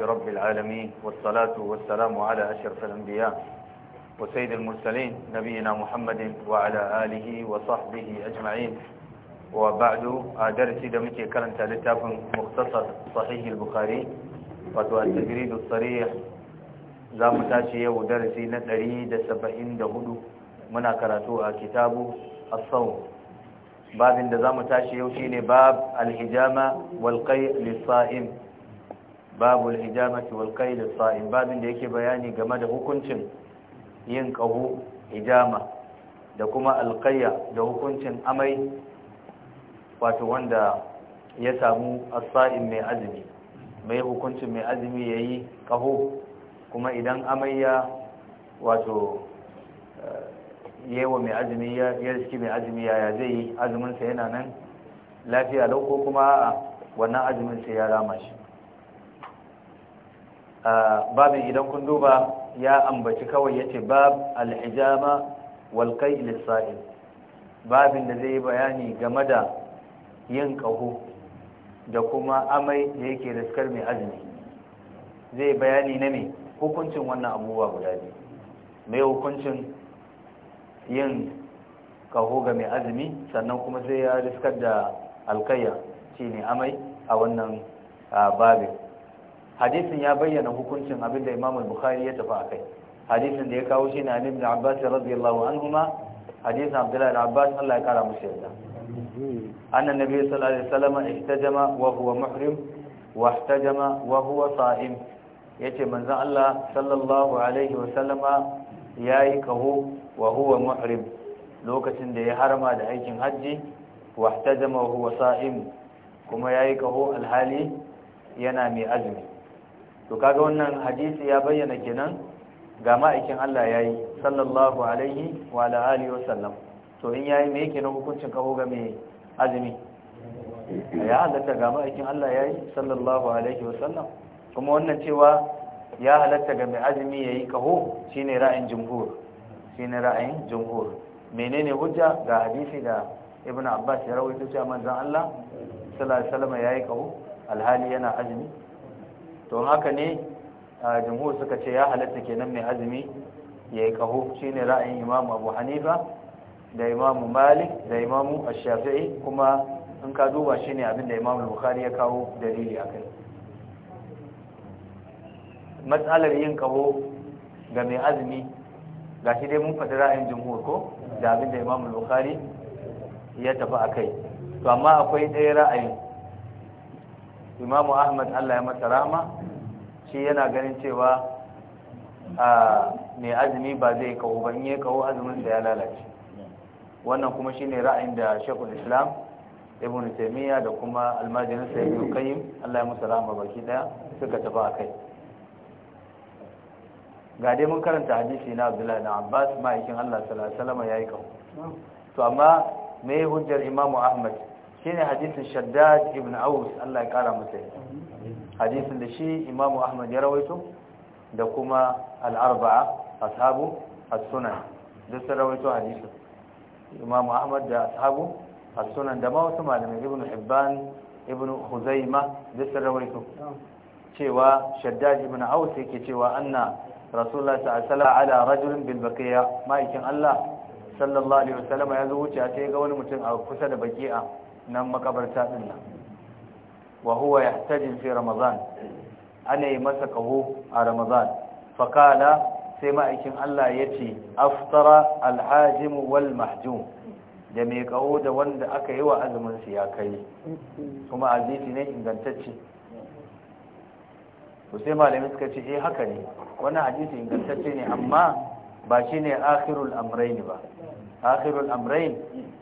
لله رب العالمين والصلاة والسلام على أشرف الأنبياء وسيد المرسلين نبينا محمد وعلى آله وصحبه أجمعين وبعد أدرس دمك كلام تالتاف مختصر صحيح البخاري وتو التجريد الصريح za mu tashi yau darasi na ɗari da da saba'in hudu muna karatu a kitabu as-sawm babin da za mu tashi yau shine bab al-hijama wal qai' lis-sa'im babu hijamati wal qail as-sa'im babin da yake bayani game da hukuncin yin qahu hijama da kuma alqayya da hukuncin amai wato wanda ya samu as-sa'im mai azumi mai hukuncin mai azumi yayi qahu kuma idan amai ya wato eh, yewa mai azumi ya riski mai azumi ya zai yi azumin sa yana nan lafiya lau ko kuma wannan azumin sai ya rama shi babin idan kun duba ya ambaci kawai yace bab al-hijama wal qai'il sa'il babin da zai bayani game da yin kaho da kuma amai da yake riskar mai azumi zai bayani na me hukuncin wannan abubuwa guda ne mai hukuncin yin kaho ga mai azumi sannan kuma sai ya riskar da alkayya shi ne amai a wannan babin hadisin ya bayyana hukuncin abin da Imam Bukhari ya tafi akai hadisin da ya kawo shi na da Abbas radiyallahu anhuma hadisin Abdullah da Abbas Allah ya kara musu yarda annan nabi sallallahu alaihi wasallam ihtajama wa huwa muhrim wa ihtajama wa huwa sa'im yace manzon Allah sallallahu alaihi wasallama yayi kaho wa huwa muhrim lokacin da ya harama da aikin hajji wa ihtajama wa huwa sa'im kuma yayi kaho alhali yana mai azumi to kaga wannan hadisi ya bayyana kenan ga ma'aikin Allah ya yi sallallahu alaihi wa ala wa sallam, to in yayi me yake na hukuncin kawo ga mai azumi ya halatta ga ma'aikin Allah ya yi sallallahu alaihi wa sallam, kuma wannan cewa ya halatta ga mai azumi yayi kaho shine ra'ayin jumhur shine ra'ayin jumhur menene hujja ga hadisi da ibnu abbas ya rawaito cewa manzon Allah sallallahu alaihi wa ya yayi kaho alhali yana azumi to haka ne jumhur suka ce ya halatta kenan mai azumi ya yi kaho ne ra'ayin imam abu hanifa da imam malik da imam shafi'i kuma in ka duba shine abin da imam bukhari ya kawo dalili a kai. matsalar yin kaho ga mai azumi ga shi dai mun faɗi ra'ayin jumhur ko da abin da imam bukhari ya tafi a kai. to amma akwai ɗaya ra'ayin imam ahmad Allah ya masa rama shi yana ganin cewa a mai azumi ba zai kawo ba in yi kawo azumin da ya lalace wannan kuma shine ra'ayin da shekul islam ibn taymiya da kuma almajirin sai yi qayyim Allah ya musu rama baki daya suka tafi kai. ga dai mun karanta hadisi na Abdullah da Abbas ma'aikin Allah salama ya yi kawo to amma mai hujjar imamu Ahmad shine hadisin shaddad ibn aus Allah ya kara masa hadisin da shi imamu ahmad ya rawaito da kuma al-arba'a ashabu as-sunan duk sun rawaito hadisin imamu ahmad da ashabu as-sunan da ma wasu malamai ibn hibban ibn huzaima duk sun rawaito cewa shaddad ibn aus yake cewa anna rasulullah sallallahu alaihi wasallam ala rajulin bil baqiya ma'aikin Allah sallallahu alaihi wasallam ya zo wuce a sai ga wani mutum a kusa da baqiya nan makabarta din nan wa huwa yahtajin fi ramadan ana yi masa kaho a ramadan fakala sai ma'aikin Allah ya ce aftara alhajim wal mahjum da mai kaho da wanda aka yi wa azumin su ya kai kuma aziti ne ingantacce sai malami suka ce eh haka ne wannan hadisi ingantacce ne amma ba shine akhirul amrayn ba akhirul amrayn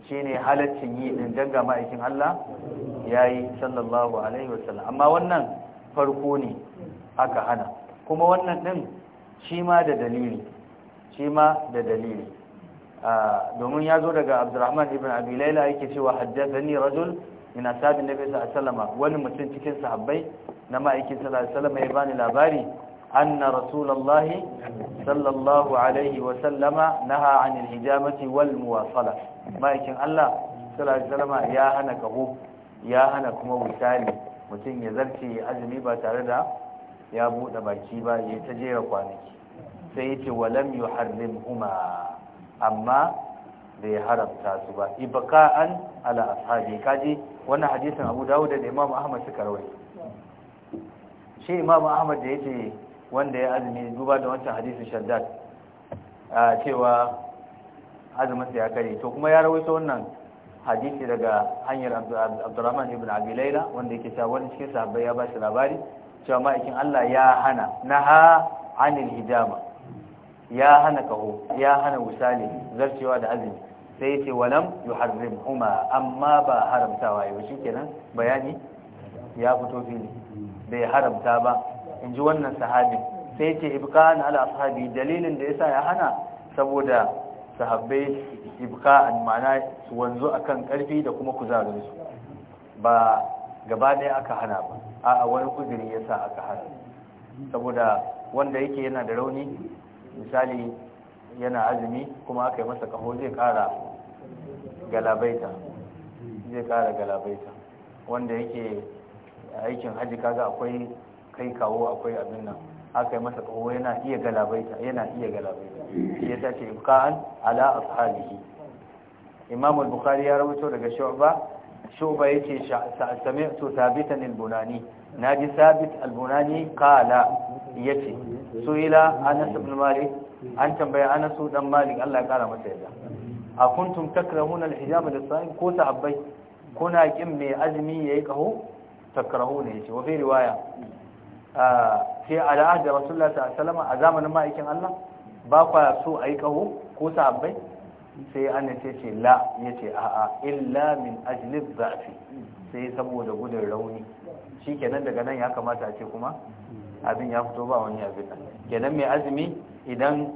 shine halaccin yi din danga ma'aikin Allah yayi sallallahu alaihi wasallam amma wannan farko ne aka hana kuma wannan din shi ma da dalili shi ma da dalili ah, domin ya zo daga Abdurrahman ibn Abi Layla yake cewa haddathani rajul min ashabin nabi sallallahu alaihi wasallam wani mutum cikin sahabbai na ma'aikin sallallahu alaihi wasallam ya bani labari أن رسول الله صلى الله عليه وسلم نهى عن الهجامة والمواصلة ما يكن الله صلى الله عليه وسلم يا هنا كهوب يا هنا كما وسالي mutum ya zarce azumi ba tare da ya buɗe baki ba ya ta jera kwanaki sai ya ce walam yu harrim huma amma bai haramta su ba ibqa'an ala ashabi kaji wannan hadisin Abu Dawud da Imam Ahmad suka rawaito shi Imam Ahmad da yake wanda ya azumi duba da wancan hadisun shaddad a cewa azumin ya kare to kuma ya rawaito wannan hadisi daga hanyar Abdurrahman ibn Abi wanda yake cewa wani cikin sahabbai ya bashi labari cewa ma'aikin Allah ya hana naha anil hijama ya hana kaho ya hana wusali zarcewa da azumi sai yace walam yuharrimhuma amma ba haramtawa yau kenan bayani ya fito fili bai haramta ba in ji wannan sahabi sai ce na ala ashabi dalilin da ya sa ya hana saboda sahabbai ibqa'an ma'ana su wanzu a kan karfi da kuma kuzarinsu ba gaba ɗaya aka hana ba a'a wani ya sa aka hana saboda wanda yake yana da rauni misali yana azumi kuma aka yi masa kaho zai kara galabaita zai kara galabaita wanda yake aikin hajji kaga akwai kai kawo akwai abin nan aka yi masa kawo yana iya galabaita yana iya galabaita shi ya tace ibqa'an ala ashabihi imam al-bukhari ya rawaito daga shu'ba shu'ba yace sami'tu thabitan al-bunani naji thabit al-bunani qala yace suila anas ibn malik an tambaya anas dan malik Allah ya kara masa yadda a kuntum takrahuna al-hijab lis-sa'im ko sahabbai kuna kin mai azumi yayi kaho takrahuna yace wa fi riwaya ke al'ahd da rasulullah sallallahu alaihi a zamanin ma'aikin Allah ba kwa so ayi kaho ko sahabbai sai an ce ce la yace a'a illa min ajli dha'fi sai saboda gudun rauni shikenan daga nan ya kamata a ce kuma abin ya fito ba wani abin nan kenan mai azumi idan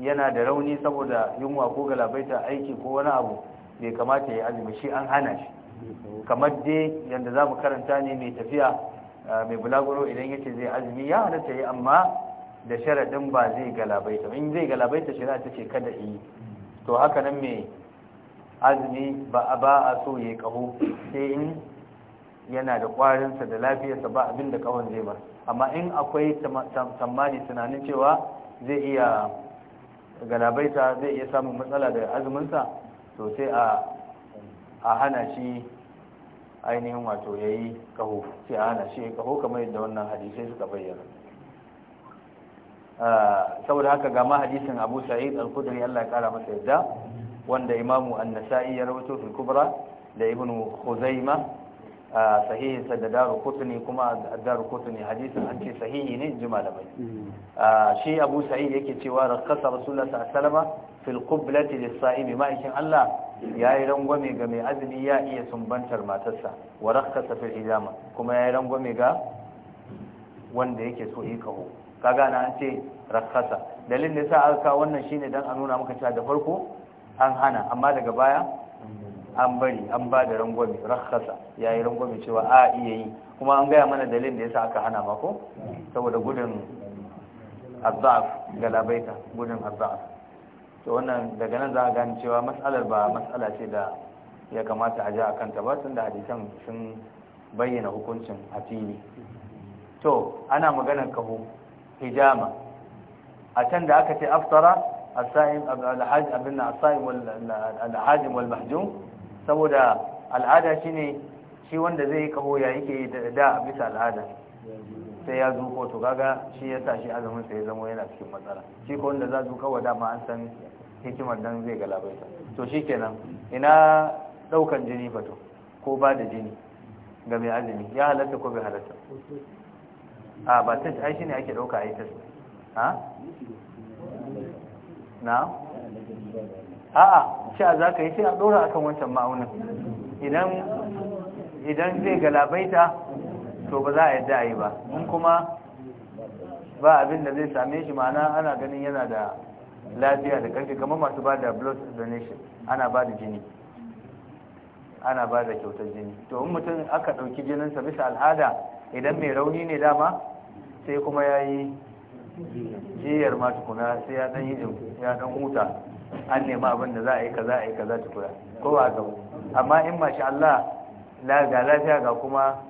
yana da rauni saboda yunwa ko galabaita aiki ko wani abu bai kamata ya azumi shi an hana shi kamar dai yadda za mu karanta ne mai tafiya Eh, mai bulaguro idan yace zai azumi ya halatta yi amma da sharadin ba zai galabaita in zai galabaita shari'a ta ce kada yi to haka nan mai azumi ba a ba a so ya kaho sai in yana da kwarinsa da lafiyarsa ba abin da kawon zai amma in akwai tsammani tunanin cewa zai iya galabaita zai iya samun matsala da azuminsa to sai a hana shi ainihin wato ya yi kaho sai a hana shi ya kaho kamar yadda wannan hadisai suka bayyana ah, saboda haka gama hadisin abu sa'id al-kudri allah ya kara masa yadda wanda imamu an-nasa'i ya rawato fil kubra da ibnu khuzaima ah, sahihin sa da daru kutuni kuma daru kutuni hadisin an ce sahihi ne ji malamai mm. ah, shi abu sa'id yake cewa rakasa rasulullah sallallahu alaihi wasallam fil lis-sa'imi ma'aikin allah ya yi rangwame ga mai azumi ya iya sumbantar matarsa wa rakkasa safir ijama kuma ya yi rangwame ga wanda yake so yi kawo kaga na an ce rakasa dalilin da sa aka wannan shine dan a nuna maka cewa da farko an hana amma daga baya an bari an ba da rangwame rakasa ya yi rangwame cewa a iya yi kuma an gaya mana dalilin da yasa aka hana mako saboda gudun azzaf galabaita gudun azzaf to wannan daga nan za a gane cewa matsalar ba matsala ce da ya kamata a ja a kanta ba tun da hadisan sun bayyana hukuncin a fili to ana maganar kaho hijama a can da aka ce aftara abin alhajim wal saboda al'ada shine shi wanda zai yi kaho ya yake da bisa al'ada sai ya zuko to kaga shi ya sa shi azumin sai ya zama yana cikin matsala shi ko wanda za zuka wa dama an san hikimar dan zai galabaita to shikenan ina daukan jini fa to ko ba da jini ga mai azumi ya halatta ko bai halatta a ba ta ai shine ake dauka ai ta ha na a shi a zaka yi sai a dora akan wancan ma'aunin idan idan zai galabaita to ba za a yadda a yi ba in kuma ba abin da zai same shi ma'ana ana ganin yana da lafiya da ƙarfi kamar masu ba da blood donation ana ba da jini ana ba da kyautar jini to in mutum aka ɗauki jininsa bisa al'ada idan mai rauni ne dama sai kuma ya yi jiyar ma tukuna sai ya ɗan yi ya ɗan huta an nema abin da za a yi kaza a yi kaza tukuna ko ba amma in mashi Allah ga lafiya ga kuma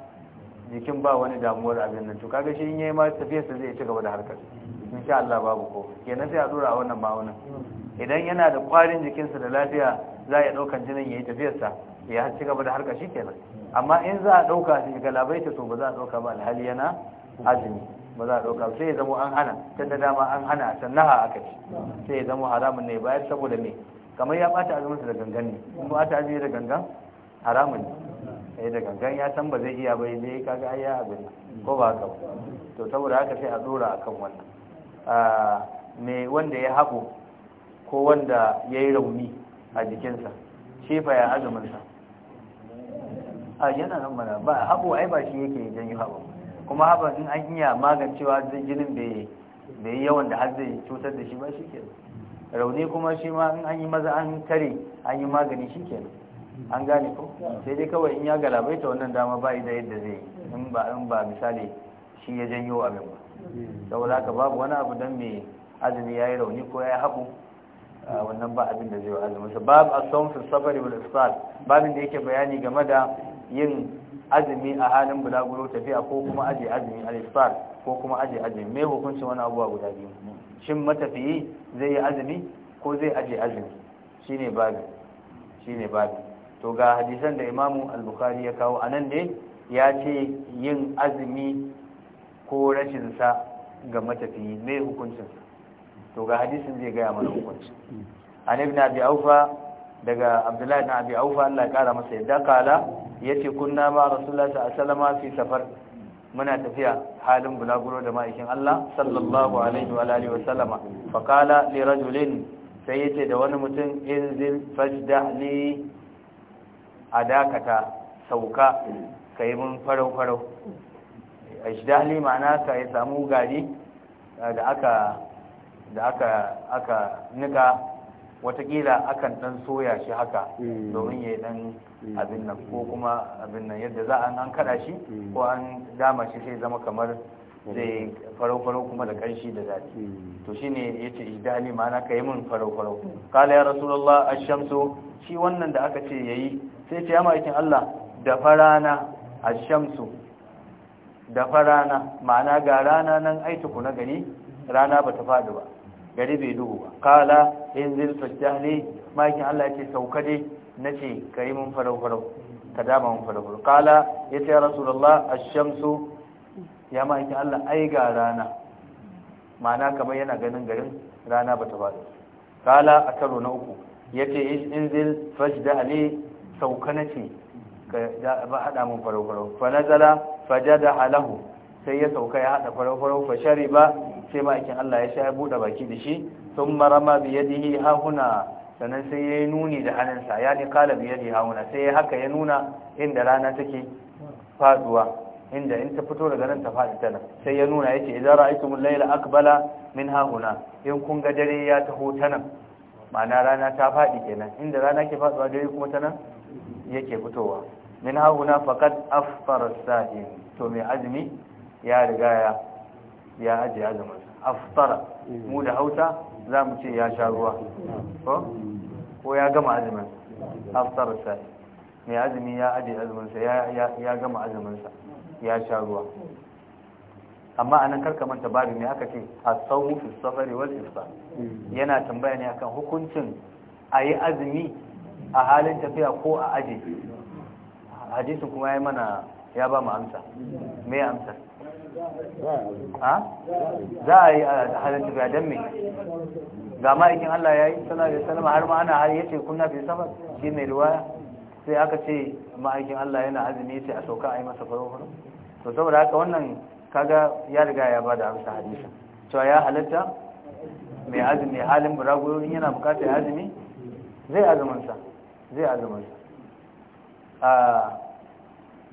jikin ba wani damuwar abin nan to kaga shi in yayi ma tafiyarsa zai ci gaba da harkar insha Allah babu ko kenan sai a dora a wannan ma'aunin idan yana da kwarin jikinsa da lafiya za ya ɗaukan jinin yayi tafiyarsa ya ci gaba da harkar shi kenan amma in za a dauka shi ga labaita to ba za a dauka ba alhali yana azumi ba za a dauka sai ya zama an hana tun da dama an hana sannaha aka ci sai ya zama haramun ne bayar saboda me kamar ya bata azumin da gangan ne kuma bata azumi da gangan haramun ne sai eh, da gangan ya san ba zai iya bai ne kaga ai ya abin ko ba haka to saboda haka sai a dora akan wannan ah, me wanda ya hako ko wanda ya yi rauni a jikinsa shefa ya azuminsa a ah, yana nan mana ba hako ai ba shi yake janyo haɓo kuma haɓa in an iya magancewa jinin bai yi yawan da har zai cutar da shi ba shi ke rauni kuma shi ma in an yi maza an kare an yi magani shi kenan an gane ko sai dai kawai in ya ta wannan dama ba da yadda zai in ba in ba misali shi ya janyo abin ba saboda haka babu wani abu dan mai azumi yayi rauni ko yayi habu wannan ba abin da zai yi azumi sa bab as-sawm fi safari wal ifsal babin da yake bayani game da yin azumi a halin bulaguro tafiya ko kuma aje azumi al-ifsal ko kuma aje azumi me hukuncin wani abuwa guda biyu shin matafiyi zai yi azumi ko zai aje azumi shine babin shine babin to ga hadisan da imamu al-bukhari ya kawo anan ne ya ce yin azumi ko rashinsa ga matafiyi mai hukuncinsa to ga hadisin zai gaya mana hukunci an ibn abi aufa daga abdullahi ibn abi aufa Allah ya kara masa yadda kala yace kunna ma rasulullahi sallallahu alaihi fi safar muna tafiya halin bulaguro da ma'aikin Allah sallallahu alaihi wa alihi wa sallama fa kala li rajulin sai yace da wani mutum inzil fajdah li a dakata sauka ka yi mun farau-farau a shidali ma'ana ka yi samu gari eh, da aka da aka aka nika watakila akan dan soya shi haka mm. domin ya yi dan mm. abin nan ko kuma abin nan yadda za an an kada shi mm. ko an dama shi sai zama kamar zai farau-farau kuma da kanshi da zafi to shine yace idali ma'ana ka yi mun farau-farau kala ya rasulullah ash-shamsu shi wannan da aka ce ya yi. sai ce ya ma'aikin Allah da farana a shamsu da farana ma'ana ga rana nan aituku na gari rana ba ta faɗi ba gari bai duhu ba kala in zil fasjahli ma'aikin Allah ya ce sauka dai na ce ka yi mun farau-farau ka dama mun farau-farau kala ya ce ya Allah a shamsu ya ma'aikin Allah ai ga rana ma'ana kamar yana ganin garin rana ba ta faɗi kala a karo na uku ya ce in zil fasjahli sauka na ce ba haɗa mun farau-farau fa nazala fa jada halahu sai ya sauka ya haɗa farau-farau fa shari ba sai ma'aikin Allah ya sha ya buɗe baki da shi sun marama biyadihi hahuna sannan sai ya yi nuni da hannunsa ya ni kala biyadihi hahuna sai ya haka ya nuna inda rana take faduwa inda in ta fito daga nan ta faɗi ta nan sai ya nuna ya ce idan al layla aqbala min hahuna in kun ga dare ya taho ta nan ma'ana rana ta faɗi kenan inda rana ke faduwa dare kuma ta nan yake fitowa min hauna faqad afṭara sa'in to mai azumi ya riga ya ya aje azumin afṭara mu da Hausa zamu ce ya sha ruwa ko ko ya gama azumin afṭara sa'in mai azumi ya aje azumin sa ya ya gama azumin sa ya sha ruwa amma anan karka manta babu me aka ce as-sawmu fi safari wal ifṭar yana tambaya ne akan hukuncin ayi azumi a halin tafiya ko a aji hadisin kuma ya mana ya ba mu amsa me amsa ha za a yi a halin tafiya don me ga ma'aikin Allah ya yi sallallahu alaihi wasallam har ma ana har yace kunna fi safar shi mai ruwa sai aka ce ma'aikin Allah yana azumi sai a sauka a yi masa faro faro to saboda haka wannan kaga ya riga ya bada amsa hadisin cewa ya halatta mai azumi halin buragoyin yana bukatar azumi zai azumin sa zai azumin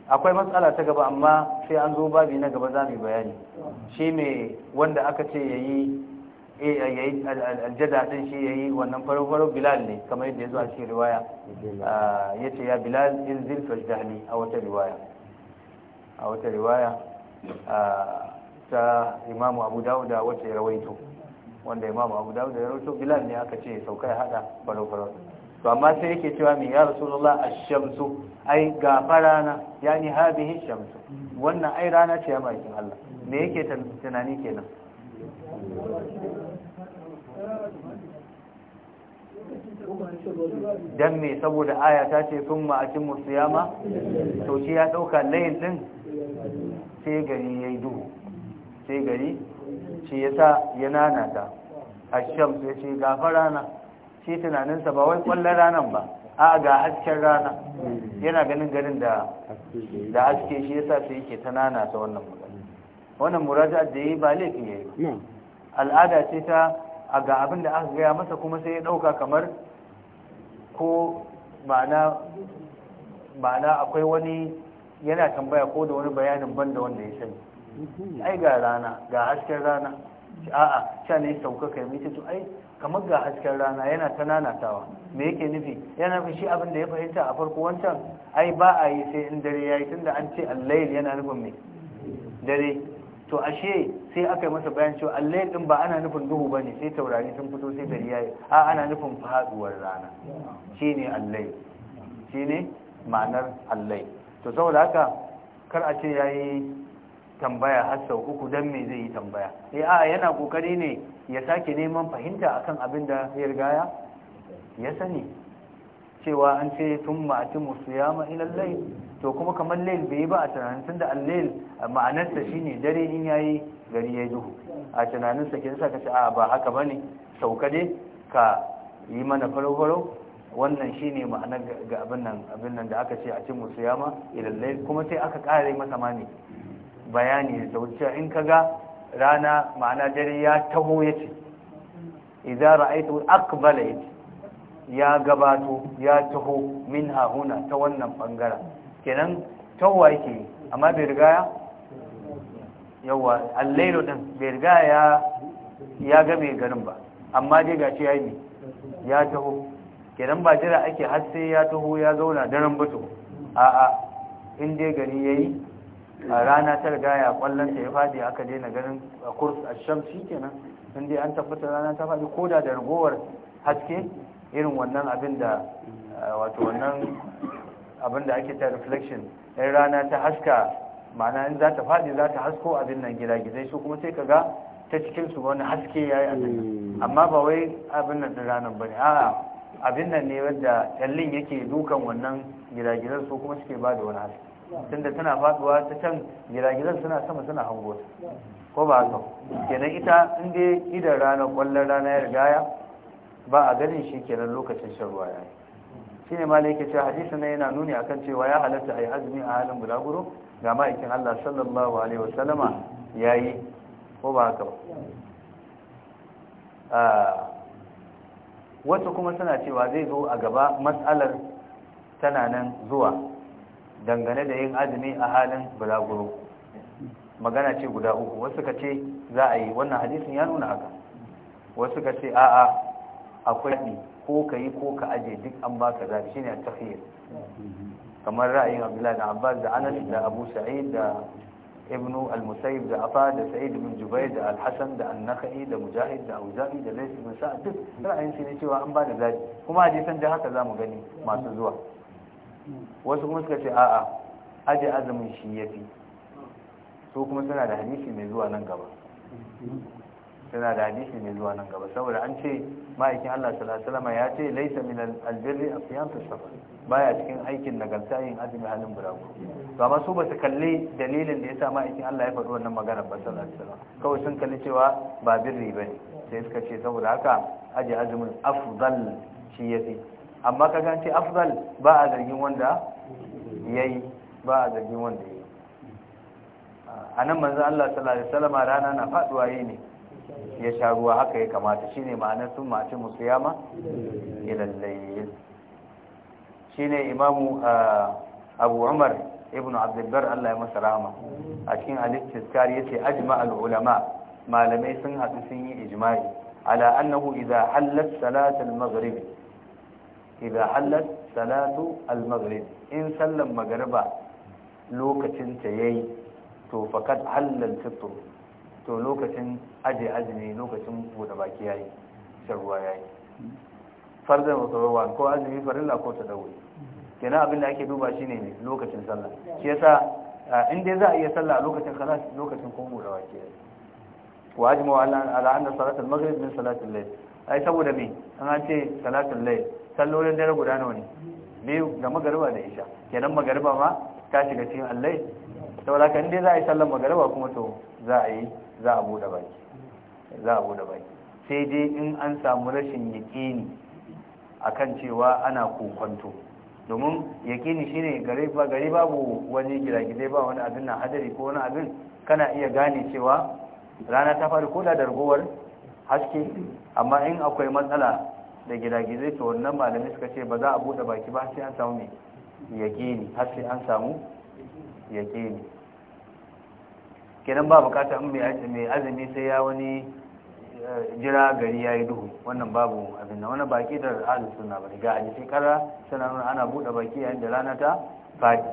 akwai matsala ta gaba amma sai an zo babi na gaba za mu bayani shi ne wanda aka ce yayi yayi aljada din shi yayi wannan farfaro bilal ne kamar yadda yazo a cikin riwaya ya ce ya bilal in zil fajdahni a wata riwaya a wata riwaya ta imamu abu dawuda da wata rawaito wanda imamu abu dawuda ya rawaito bilal ne aka ce sauka ya hada farfaro to amma sai yake cewa me ya rasulullah a shamsu ai ga farana yani hadhihi ash-shamsu wannan ai rana ce mai kin Allah me yake tunani kenan dan me saboda aya ta ce summa musu yama to shi ya dauka layin din sai gari yayi duhu sai gari shi yasa ya nanata a shamsu yace ga farana shi tunaninsa ba wai kwallon ranar ba a ga hasken rana yana ganin garin da da haske shi yasa sai yake ta nana ta wannan magana wannan muraja da yayi ba laifi yayi al'ada ce ta a ga abin da aka gaya masa kuma sai ya ɗauka kamar ko ma'ana ma'ana akwai wani yana tambaya ko da wani bayanin banda wanda ya sani ai ga rana ga hasken rana a'a sha ne sauka kai mai to ai kamar ga hasken rana yana ta nanatawa me yake nufi yana nufin shi abin da ya fahimta a farko wancan ai ba a yi sai in dare yayi tunda an ce al yana nufin me dare to ashe sai aka yi masa bayan cewa al-layl din ba ana nufin duhu bane sai taurari sun fito sai dare yayi a ana nufin faduwar rana shine al-layl shine ma'anar al to saboda haka kar a ce yayi tambaya har sau uku don me zai yi tambaya sai eh, a yana kokari ne ya sake neman fahimta akan abin da ya rigaya ya sani cewa an ce tun ma'ati musuyama ilal layl to kuma kamar layl bai ba a tunanin tun da al-layl ma'anarsa shine dare in yayi gari ya duhu a tunanin sa ka ce a ba haka bane sauka dai ka yi mana farau wannan shine ma'anar ga abin nan da aka ce a cin musuyama ilal layl kuma sai aka kare masa mani bayani da wuce in kaga rana ma'ana dare ya taho yace idza ra'aytu aqbala yace ya gabato ya taho min hahuna ta wannan bangaren kenan tawa yake amma bai riga ya yawa allailu din bai riga ya ya ga mai garin ba amma dai gashi yayi ya taho kenan ba jira ake har sai ya taho ya zauna daren bato a'a in dai gari yayi a rana ta riga ya kwallon ta ya fadi aka daina ganin a kurs a sham shi kenan in dai an tabbata rana ta fadi ko da da ragowar haske irin wannan abin da eh, wato wannan abin da ake ta reflection in rana ta haska ma'ana in za ta fadi za ta hasko abin nan gidagidai su kuma sai ka ga ta cikin su wani haske ya yi abin hmm. amma ba wai abin nan din ranar ba ne a'a abin nan ne wadda kyallin yake dukan wannan gidagidan su kuma suke ba da wani haske tunda tana faduwa ta can giragizan suna sama suna hango ta ko ba haka kenan ita in dai idan rana kwallon rana ya rigaya ba a ganin shi kenan lokacin shan ruwa yayi shine malai yake cewa hadisi na yana nuni akan cewa ya halatta ai azumi a halin bulaguro ga ma'aikin Allah sallallahu alaihi wasallama yayi ko ba haka ba ah, wasu kuma suna cewa zai zo a gaba matsalar tana nan zuwa dangane da yin azumi a halin bulaguro magana ce guda uku wasu ka ce za a yi wannan hadisin ya nuna haka wasu ka ce a'a akwai ne ko ka yi ko ka aje duk an ba ka zaɓi shine a kamar ra'ayin abdullahi da abbas da anas da abu sa'id da ibnu al-musayyib da afa da sa'id bin jubair da al-hasan da an da mujahid da auza'i da lays bin duk ra'ayin shi cewa an ba da zafi kuma hadisan da haka zamu gani masu zuwa wasu kuma suka ce a'a aje azumin shi ya fi to kuma suna da hadisi mai zuwa nan gaba suna da hadisi mai zuwa nan gaba saboda an ce ma'aikin Allah sallallahu alaihi ya ce laisa min albirri afiyatu safar baya cikin aikin nagarta yin azumi halin buraku to amma su ba su kalli dalilin da yasa ma'aikin Allah ya faɗi wannan magana ba sallallahu alaihi wasallam kawai sun kalli cewa ba birri bane sai suka ce saboda haka aje azumin afdal shi yafi amma ka gance afdal ba a zargin wanda yayi ba a zargin wanda yayi nan manzo Allah sallallahu alaihi wasallam rana na faduwa yayi ne ya sha ruwa haka ya kamata shine ma'anar sun mace musiyama ila layl shine imamu Abu Umar ibn Abdul Allah ya masa rahama a cikin al-Istizkar yace ajma'al ulama malamai sun haɗu sun yi ijma'i ala annahu idza hallat salat al-maghrib إذا حلت salatu al إن in sallan magariba lokacin ta فقد to الفطر تو fitr to lokacin aje azumi lokacin bude baki yayi sharwa كو أجني mutawawan ko azumi farilla ko abin da ake duba shine lokacin sallah shi yasa in dai za a iya sallah a lokacin kaza lokacin ko baki yayi wa ajma ala anna salat maghrib min saboda me an ce salatul layl sallolin dare guda nawa ne biyu da magariba da isha kenan magariba ma ta shiga cikin allai saboda kan dai za a yi sallan magariba kuma to za a yi za a bude baki za a bude baki sai dai in an samu rashin yaƙini akan cewa ana kokonto domin yaƙini shine gare ba gare babu wani gidagidai ba wani abin na hadari ko wani abin kana iya gane cewa rana ta fara koda da ragowar haske amma in akwai matsala da gidagizai to wannan malami suka ce ba za a bude baki ba sai an samu yaqini har sai an samu yaqini kenan ba bukata in mai azumi sai ya wani eh, jira gari ya yi duhu wannan babu abin da wani baki da al'adu suna ba ga aji sai kara suna nuna ana buɗe baki yayin da rana ta fadi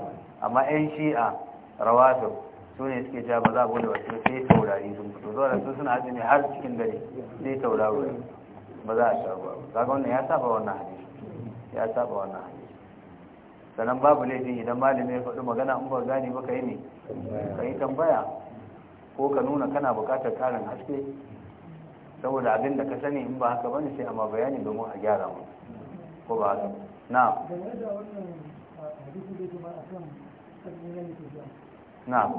amma yan shi'a rawatu su ne suke cewa ba za a buɗe baki sai taurari sun fito zuwa da su suna azumi har cikin gari sai taurari. ba za a sha ruwa ya saba wannan hadisi ya saba wannan hadisi sannan babu laifin idan malami ya faɗi magana an ba gane ba ka yi ne ka yi tambaya ko ka nuna kana buƙatar ƙarin haske saboda abin da ka sani in ba haka ba ne sai amma bayani domin a gyara mu ko ba haka na na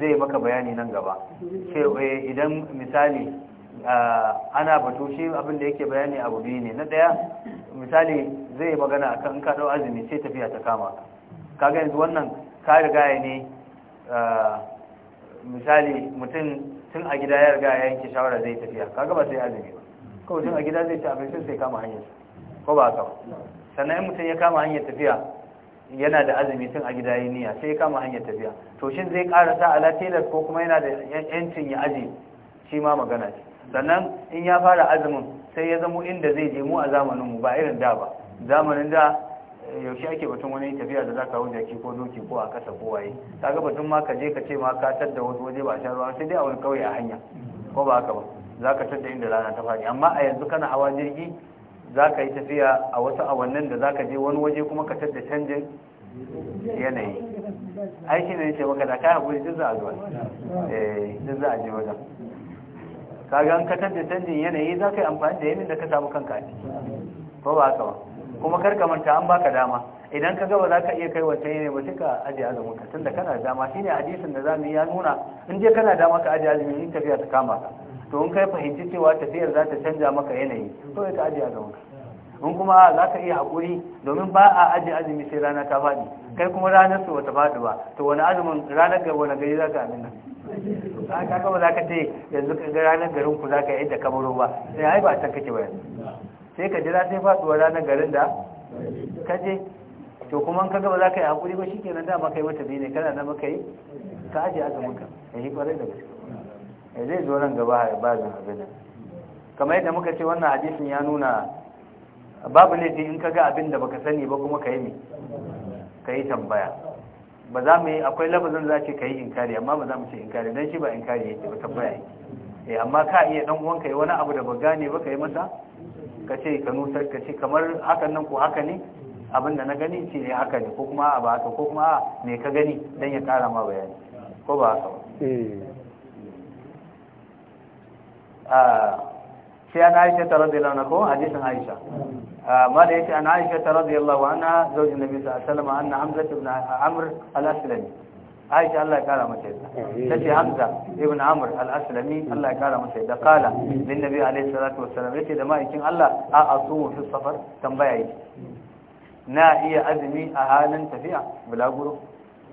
zai maka bayani nan gaba cewa eh, idan misali ah, ana batu shi abinda yake bayani abu biyu ne na daya misali zai magana a kan kaɗau azumi sai tafiya ta kama gani su wannan ka riga ne ah, misali mutum tun a gida ya riga ya yanke shawara zai tafiya ka gaba sai azumi kawai tun a gida zai ci abinci sai kama hanyar ko ba haka ba sannan mutum ya kama hanyar tafiya yana da azumi tun a gida yi niyya sai ya kama hanyar tafiya to shin zai sa ala tilas ko kuma yana da yancin ya aje shi ma magana ce sannan in ya fara azumin sai ya zamo inda zai je mu a zamanin mu ba irin da ba zamanin da eh, yaushe ake batun wani tafiya da zaka wuce ki ko doki ko a kasa ko waye kaga batun ma ka je ka ce ma ka tadda wasu waje ba shan ruwa sai dai a wani kauye a hanya ko ba haka ba zaka tadda inda rana ta fadi amma a yanzu kana hawa jirgi za ka yi tafiya a wasu awannin da za ka je wani waje kuma ka tadda canjin yanayi aiki ne ce maka da kayan guri duk za a zuwa eh, duk za a je wajen kaga an ka tadda canjin yanayi za ka yi amfani da yanayi da ka samu kanka ne ko ba haka ba kuma kar ka manta an baka dama idan ka gaba za ka iya kai wata yanayi ba sai ka ajiye azumin ka da kana dama shine hadisin da za mu yi ya nuna in je kana dama ka ajiye azumin in tafiya ta kama ka to in kai fahimci cewa tafiyar za ta canja maka yanayi to ya ka ajiye a gaban in kuma za ka iya haƙuri domin ba a aji azumi sai rana ta faɗi kai kuma ranar su wata faɗi ba to wani azumin ranar ga wani gari za ka amina ka kama za ka ce yanzu ka ga ranar garin ku za ka yadda kamaro ba sai eh, ai ba can kake ba sai ka jira sai faɗuwa ranar garin da ka je to kuma ka gaba za ka yi haƙuri ba shi kenan dama kai mata biyu ne kana na maka yi ka ajiye azumin ka ya yi farin da gaske Eh, zai zo nan gaba a babin abin kamar yadda muka ce wannan hadisin ya nuna babu laifi in ka ga abin da baka sani ba kuma ka yi ne ka yi tambaya ba za mu yi akwai labarin za ce ka yi inkari amma ba za mu ce inkari don shi ba inkari ce ba tambaya yake eh, amma ka iya dan uwan ka yi wani abu da ba gane ba ka yi masa ka ce ka nusar ka ce kamar hakan nan ko haka ne abin da na gani ce ne haka ne ko kuma a ba haka ko kuma a me ka gani don ya kara ma bayani ko ba haka ba eh. sai an aisha ta radiyallahu anha ko aisha ma da yace an aisha ta radiyallahu anha zaujin nabi sallallahu alaihi wasallam anna hamza ibn amr al-aslami aisha Allah ya kara masa yadda tace hamza ibn amr al-aslami Allah ya kara masa yadda kala lin alaihi salatu wassalam yace da ma'aikin Allah a asumu fi safar tambaya yake na iya azumi a halin tafiya bulaguro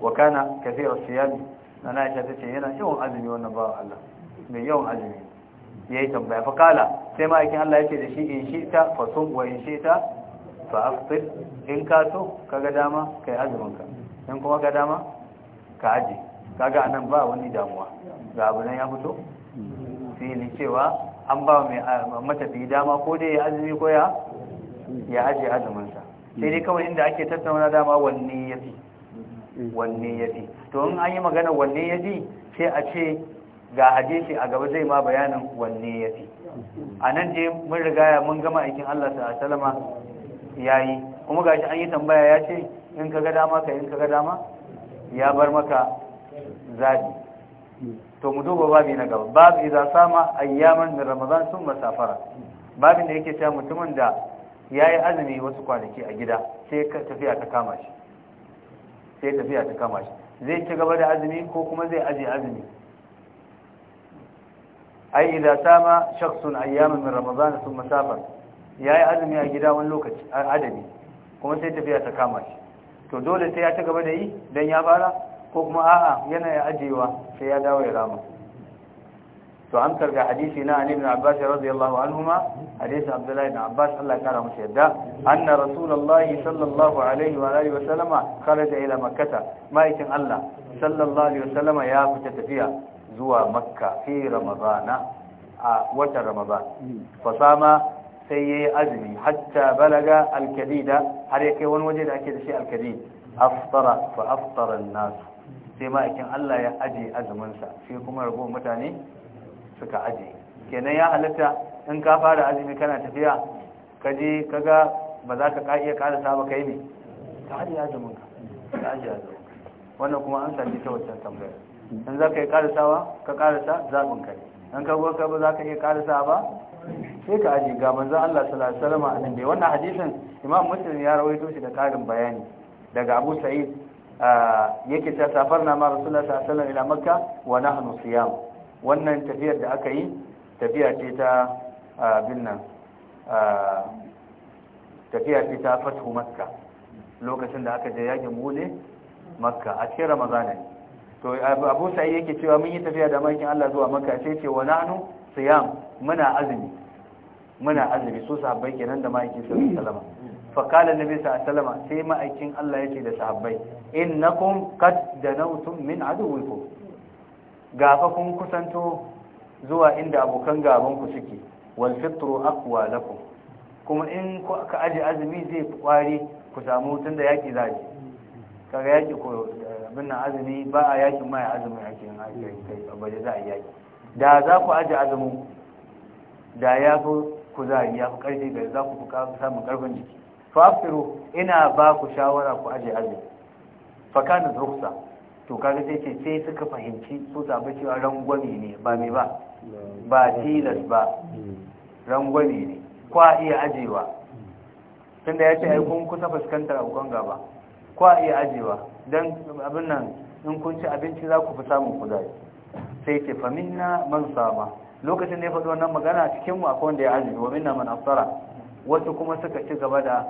wa kana kathira siyabi na aisha yana yawan Allah mai yawan yayi tambaya fa kala sai ma'aikin Allah yace da shi in ta fa sun wa in ta fa aftir in ka to kaga dama kai azumin ka in kuma ga dama ka aje kaga anan ba wani damuwa ga abu nan ya fito ni cewa an ba mai matafi dama ko dai ya azumi ko ya ya aje azumin sa sai dai kawai inda ake tattauna dama wanne yafi wanne yafi to in an yi magana wanne yafi sai a ce ga hadisi a gaba zai ma bayanin wanne ya fi a nan je mun rigaya mun gama aikin Allah ta salama ya yi kuma gashi an yi tambaya ya ce in ka ga dama ka in ka ga dama ya bar maka zabi to mu duba babi na gaba babu idan sama ayyaman min ramadan sun masafara babin da yake cewa mutumin da ya yi azumi wasu kwanaki a gida sai tafiya ta kama shi sai tafiya ta kama shi zai ci gaba da azumi ko kuma zai aje azumi ai idza sama shakhsun ayyaman min ramadan thumma safar yayi azumi a gida wani lokaci adami kuma sai tafiya ta kama shi to dole sai ya ta gaba da yi dan ya fara ko kuma a'a yana ya ajewa sai ya dawo ya rama to an ga hadisi na Ali ibn Abbas radiyallahu anhuma hadisi Abdullah ibn Abbas Allah ya kara masa yadda anna rasulullahi sallallahu alaihi wa alihi wa sallama kharaja ila makkah ma'aikin Allah sallallahu alaihi wa sallama ya fita tafiya zuwa makka fi ramadana a watan ramadan hmm. fasama sai yayi azumi hatta balaga alkali da har kai wani waje da ake da shi alkali. aftara fa aftara nasu. sai ma'aikin Allah ya aje azuminsa sai kuma rabo mutane suka aje kenan ya halitta, in ka fara azumi kana tafiya ka ga ba za ka iya karasa ba kai ne ka aje azumin ka aje wannan kuma an sami ta wancan tambayar in za ka yi karisawa ka karisa zaɓin kai in ka goka ba za ka yi karisa ba sai ka aji ga manzo Allah sallallahu alaihi wasallam a nan wannan hadisin imam muslim ya rawaito shi da karin bayani daga abu sa'id yake ta safar na ma rasulullah sallallahu alaihi ila makka wa nahnu siyam wannan tafiyar da aka yi tafiya ce ta bin nan tafiya ce ta fatu makka lokacin da aka je yakin mule makka a cikin ne to abu sa'i yake cewa mun yi tafiya da makin Allah zuwa makka sai ce wa nanu siyam muna azumi muna azumi su sahabbai kenan da makin sallama fa kala nabi sallallahu alaihi sai ma'aikin Allah yake da sahabbai innakum qad danawtum min aduwwikum gafa kun kusanto zuwa inda abokan gaban ku suke wal fitru aqwa lakum kuma in ka aji azumi zai kwari ku samu tunda yaki zaki kaga yaki ko eh, abin azumi ba a yakin ma ya azumi a cikin kai a waje za a yaki da za ku aje azumin da ya fi kuzari ya fi karfi da za ku samun karfin jiki fafiru ina ba ku shawara ku aje azumi fakanin ruksa to kaga sai ce sai suka fahimci su sabu cewa rangwami ne ba mai ba ba tilas ba rangwami ne kwa iya ajewa tunda ya ce ai kun kusa fuskantar abokan gaba ko a iya ajiyewa don abin nan in kun ci abinci za ku fi samun kuzari sai ke famina man sama lokacin da ya faɗi wannan magana cikin mu akwai wanda ya ajiye wa na manasara wasu kuma suka ci gaba da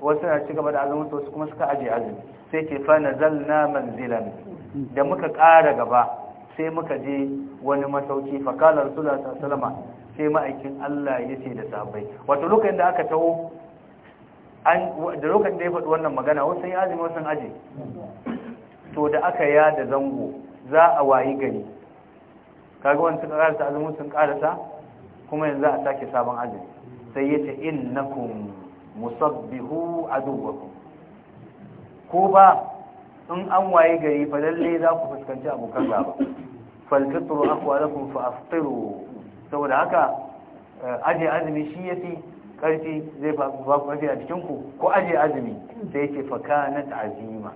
wasu na ci gaba da azumin wasu kuma suka ajiye azumi sai ke fa nazalna manzilan da muka ƙara gaba sai muka je wani masauki fakalar qala rasulullahi sai ma'aikin Allah ya ce da sabai wato lokacin da aka taho da lokacin da ya faɗi wannan magana wasan ya azumi wasan aji to da aka ya da zango za a wayi gari kaga wani suka karasa azumin sun karasa kuma yanzu a sake sabon azumi sai ya ce in innakum musabbihu dubbaku ko ba in an wayi gari fa lalle za ku fuskanci abokan gaba akwai akwalakum fa aftiru saboda haka eh, aji azumi shi ya fi. karfi zai ba ku karfi a cikinku ku ko aje azumi sai yake faka na ta'azima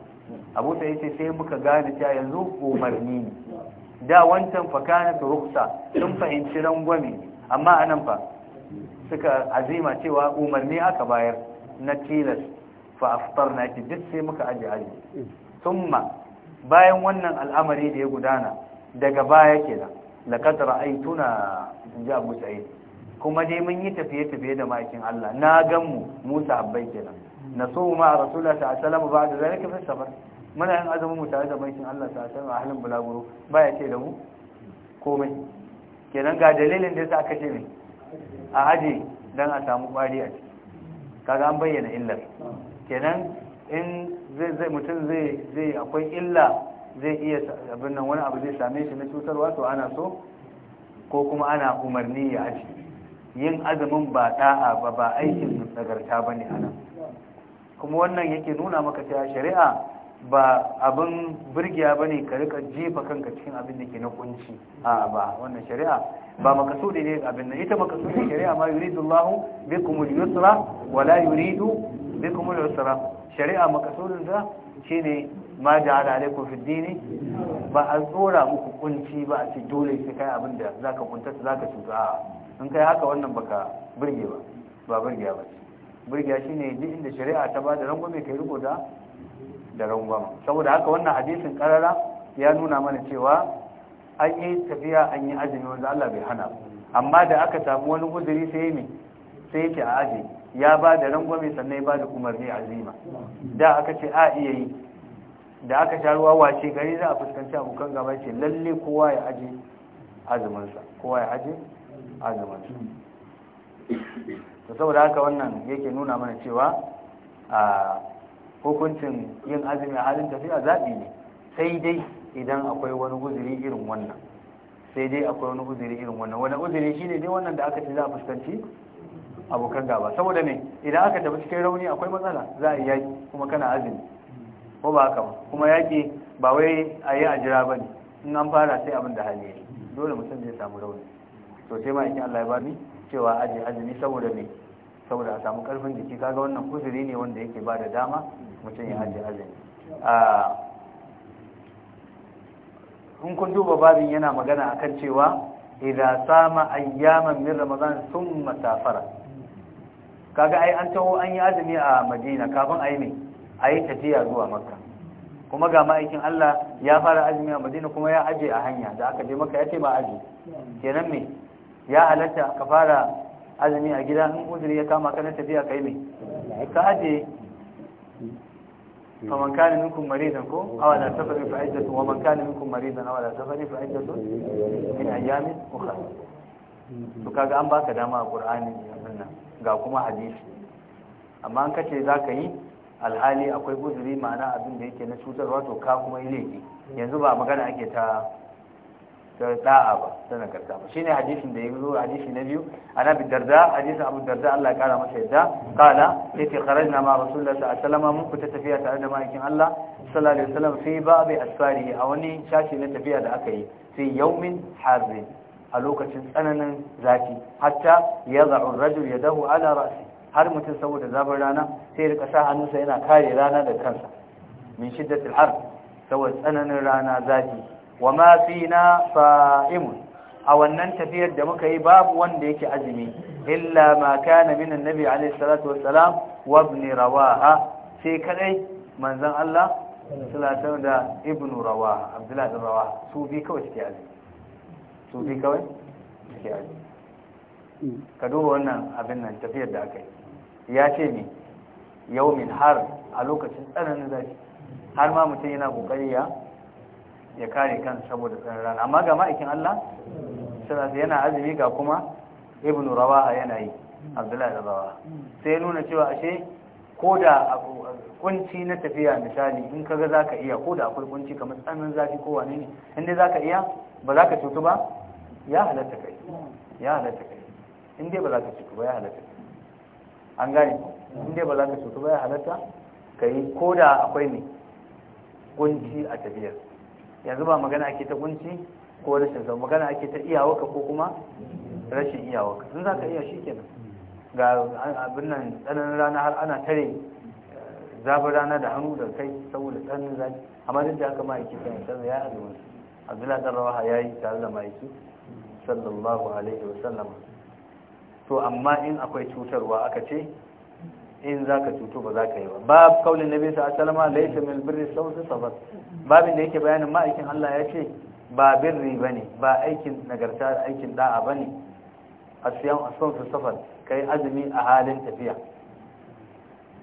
abu sai yace sai muka gane cewa yanzu umarni ne da wancan faka na ta ruksa sun fahimci rangwame amma a nan fa suka azima cewa umarni aka bayar na tilas fa na ki duk sai muka aje aje tumma bayan wannan al'amari da ya gudana daga baya kenan laqad ra'aytuna in ji Abu Sa'id kuma dai mun yi tafiye-tafiye da makin Allah na gan mu Musa abbai kenan na so ma a rasulullah ta alaihi ba da zalika kafin safar muna yin azumin mu tare da makin Allah ta alaihi a halin bulaguro ya ce da mu komai kenan ga dalilin da za aka ce ne a aji dan a samu kwari a ciki kaga an bayyana illar kenan in zai zai mutum zai zai akwai illa zai iya abin nan wani abu zai same shi na cutarwa to ana so ko kuma ana umarni ya aji yin azumin ba da'a ba ba aikin nagarta ba ne ana kuma wannan yake nuna maka cewa shari'a ba abin birgiya ba ne ka rika jefa kanka cikin abin da ke na kunci a ba wannan shari'a ba makasudi ne abin nan ita makasudi shari'a ma yuridu Allahu bikumul yusra wala yuridu bikumul usra shari'a makasudin da shine ma ja'ala alaikum fi dini ba a tsora muku kunci ba a ce dole sai kai abin da zaka kunta zaka cuta in kai haka wannan baka burge ba ba burge ba shi ne duk inda shari'a ta ba da rangwame kai riko da da saboda haka wannan hadisin karara ya nuna mana cewa an yi tafiya an yi azumi wanda Allah bai hana amma da aka samu wani guduri sai ne sai yake a aji ya ba da rangwame sannan ya ba da umarni azima da aka ce a iya yi da aka sha ruwa wace gari za a fuskanci abokan gaba ce lalle kowa ya azumin sa kowa ya aji azamatu to saboda haka wannan yake nuna mana cewa a hukuncin yin azumi a halin tafiya zaɓi ne sai dai idan akwai wani guzuri irin wannan sai dai akwai wani guzuri irin wannan wani uzuri shine dai wannan da aka ce za a fuskanci abokan gaba saboda me idan aka tafi cikin rauni akwai matsala za a yi yaki kuma kana azumi ko ba haka ba kuma yaki ba wai a yi a jira ba ne in an fara sai abin da hali dole mutum zai samu rauni to sai ma yake Allah ya bani cewa aje azumi saboda me saboda a samu karfin jiki kaga wannan kuzuri ne wanda yake ba da dama mutum ya aje azumi a kun kun duba babin yana magana akan cewa idza sama ayyaman min ramadan thumma safara kaga ai an taho an yi azumi a Madina kafin ayi ne ayi tafiya zuwa Makka kuma ga ma'aikin Allah ya fara azumi a Madina kuma ya aje a hanya da aka je Makka ya ce ba aje kenan me ya halatta ka fara azumi a gida in uzuri ya kama ka na tafiya kai mai ka aje Fa ko aw منكم مريضا fa على wa man kana minkum maridan aw او على fa فعدة min ayami اخرى to kaga an baka dama a Qur'ani wannan. ga kuma hadisi amma an kace zaka yi alhali akwai uzuri ma'ana abin da yake na cutarwa to ka kuma yi laifi yanzu ba magana ake ta ta da'a ba ba shine hadisin da ya zo hadisi na biyu ana bi darda hadisin abu darda Allah ya kara masa yadda kala yace kharajna ma rasulullah sallallahu alaihi wasallam mun fita tafiya tare da malikin Allah sallallahu alaihi wasallam fi babi asfari a wani shashi na tafiya da aka yi fi yawmin harzin a lokacin tsananin zafi hatta yad'u ar-rajul yadahu ala ra'si har mutum saboda zafin rana sai ya rika sa hannunsa yana kare rana da kansa min shiddatil har saboda tsananin rana zafi wa ma fi na sa'imun a wannan tafiyar da muka yi babu wanda yake azumi illa ma kana min annabi alayhi salatu wassalam wa ibn rawaha sai kadai manzon Allah sallallahu da ibn rawaha abdullahi ibn rawaha su bi kawai suke azumi su bi kawai suke azumi ka duba wannan abin nan tafiyar da aka yi ya ce ni yaumin har a lokacin tsananin zafi har ma mutum yana kokari ya ya kare kan saboda tsarin rana amma ga ma'aikin Allah sallallahu yana azumi ga kuma ibn rawaha yana yi abdullahi da rawaha sai ya nuna cewa ashe ko da kunci na tafiya misali in kaga za ka iya ko da akwai kunci kamar tsananin zafi ko wane ne in dai ka iya ba za ka cutu ba ya halatta kai ya halatta kai in dai ba ka cutu ba ya halatta kai an gane in dai ba ka cutu ba ya halatta kai ko da akwai ne kunci a tafiyar yanzu ba magana ake ta kunci ko rashin zama magana ake ta iyawaka ko kuma rashin iyawaka sun za ka iya shi kenan ga abin nan tsananin rana har ana tare eh, zafin rana da hannu da kai saboda tsananin zafi amma duk da haka ma'aiki yi canza ya azumin abdullahi dan rawaha ya yi tare da ma'aiki sallallahu alaihi wa sallama to amma in akwai cutarwa aka ce in za ka cuto ba za ka yi ba bab kaulin nabi sa sallama laysa min birri sawtu sabat babin da yake bayanin ma'aikin Allah ya ce ba birri bane ba aikin nagarta aikin da'a bane asiyan su safar kai azumi a halin tafiya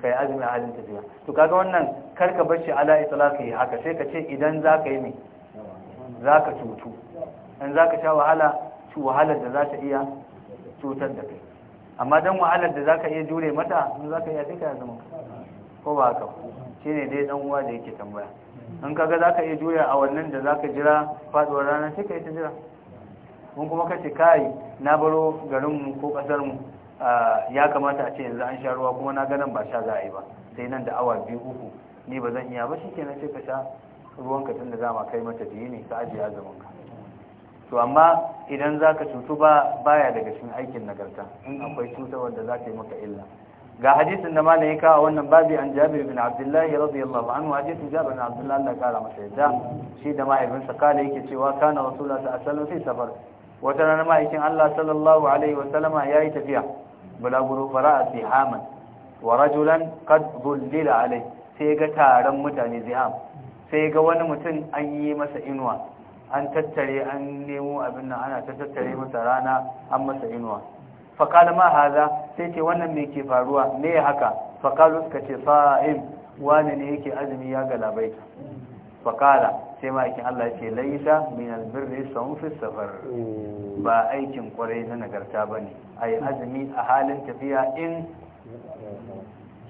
kai azumi a halin tafiya to kaga wannan karka bar shi ala yi haka sai ka ce idan za ka yi ne za ka cutu in za ka sha wahala wahalar da za ta iya cutar da kai amma dan wahalar da za ka iya jure mata in zaka iya duka zama ko ba haka shine dai dan uwa da yake tambaya in kaga ka iya jure a wannan da za ka jira faduwar rana sai yi ta jira mun kuma kace kai na baro garinmu ko kasar ya kamata a ce yanzu an sha ruwa kuma na ganin ba sha za yi ba sai nan da awa biyu uku ni ba zan iya ba shi na ce ka sha ruwanka tun da za ma kai mata biyu ne ka ajiye azumin ka to amma idan za ka cutu ba baya daga cikin aikin nagarta in akwai cuta wanda za ta yi maka illa ga hadisin da malam ya kawo wannan babi an Jabir bin Abdullah radiyallahu anhu hadisin Jabir bin Abdullah Allah kara masa yadda shi da ma'aibin sa kala yake cewa kana rasulullahi sallallahu alaihi fi safar wata rana ma'aikin Allah sallallahu alaihi wasallama yayi tafiya bulaguro fara'a haman wa rajulan qad dhullila alaihi sai ga taron mutane ziham sai ga wani mutum an yi masa inuwa an tattare an nemo abin nan ana ta tattare masa rana an masa inuwa faƙala ma haza sai ce wannan me ke faruwa me ya haka faƙalu suka ce sa'im wani ne yake azumi ya galabaita faƙala sai ma aikin Allah ce laisa min albirri sun fi safar ba aikin kwarai na nagarta ba ne a yi azumi a halin tafiya in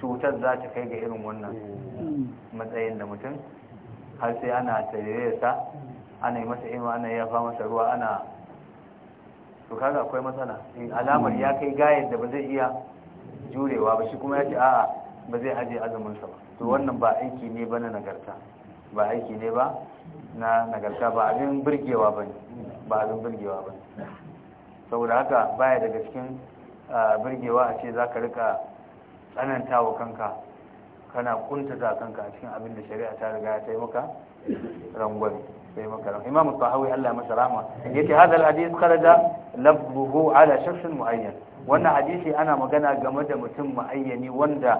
cutar za ta kai ga irin wannan matsayin da mutum har sai ana tarire sa ana yi masa inuwa ana yafa masa ruwa ana to kaga akwai matsala eh, alamar ya kai gayar da ba zai iya jurewa ba shi kuma ya ce a'a ba zai aje sa ba to wannan ba aiki ne ba na nagarta ba aiki ne ba na nagarta ba abin birgewa ba ba abin birgewa ba saboda haka baya daga cikin birgewa a ce za ka rika tsananta wa kanka kana kuntata kanka a cikin abin da shari'a ta riga ta yi maka rangwame sai makaram imamu sahawi Allah masa rahma yace hadal hadith kharaja lafzuhu ala shakhsin muayyan wannan hadisi ana magana game da mutum muayyani wanda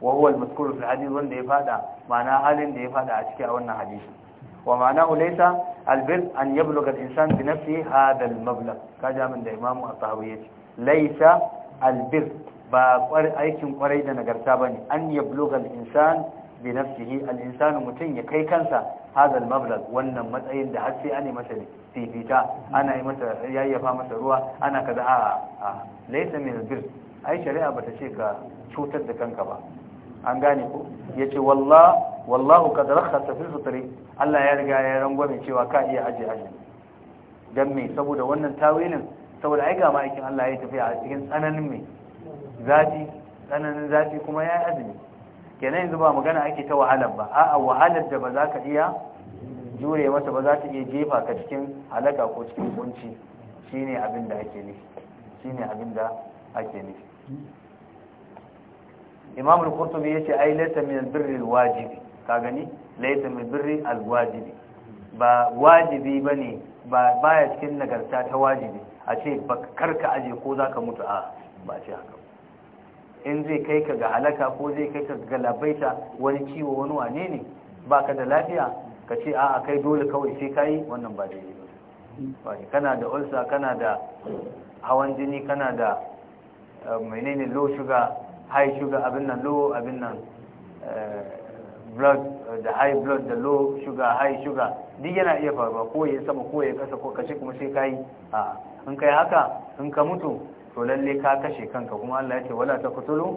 wa huwa al wanda ya fada ma'ana halin da ya fada a cikin wannan hadisi wa ma'ana laysa al-bir an yablugha al-insan bi nafsihi hadha al-mablagh kaja min da imamu as-sahawi yace Laisa al-bir ba aikin kwarai da nagarta bane an yablugha al-insan bi al-insanu mutum ya kai kansa hadal mablag wannan matsayin da har sai an yi masa fifita ana yi masa yayyafa masa ruwa ana kaza a a laysa min bir ai shari'a bata ce ka cutar da kanka ba an gane ko yace wallah wallahu kad rakhasa fil fitri Allah ya riga ya rangwame cewa ka iya aje aje dan me saboda wannan tawilin saboda ai ga ma'aikin Allah ya tafi a cikin tsananin me zafi tsananin zafi kuma ya azumi kenan yanzu ba magana ake ta wahalar ba a'a wahalar da ba za ka iya jure mata ba za ta iya jefa ka cikin halaka ko cikin kunci shine abin da ake ne shine abin da ake ne imam al-qurtubi yace ai laysa min al-birri al-wajibi ka gani laysa min birri al-wajibi ba wajibi bane ba baya cikin nagarta ta wajibi a ce ba karka aje ko zaka mutu a ba ce haka in zai kai ka ga halaka ko zai kai ka ga labaita wani ciwo wani wane ne ba ka da lafiya ka ce a'a kai dole kawai sai yi. wannan ba daidai ba kana da ulsa kana da hawan jini kana da eh, menene low sugar high sugar abin nan low abin nan eh, blood da high blood da low sugar high sugar duk yana iya faruwa ko ya sama ko ya kasa ko kace kuma sai yi. a in kai haka in ka mutu to lalle ka kashe kanka kuma Allah ya ce wala taqtulu